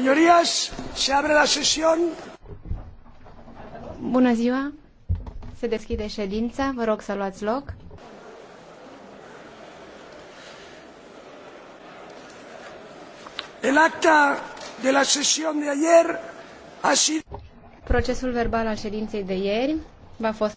Señorías, se abre la sesión. Bună ziua. Se deschide ședința. Vă rog să luați loc. El acta de la sesión de ayer ha sido Procesul verbal al ședinței de ieri va fost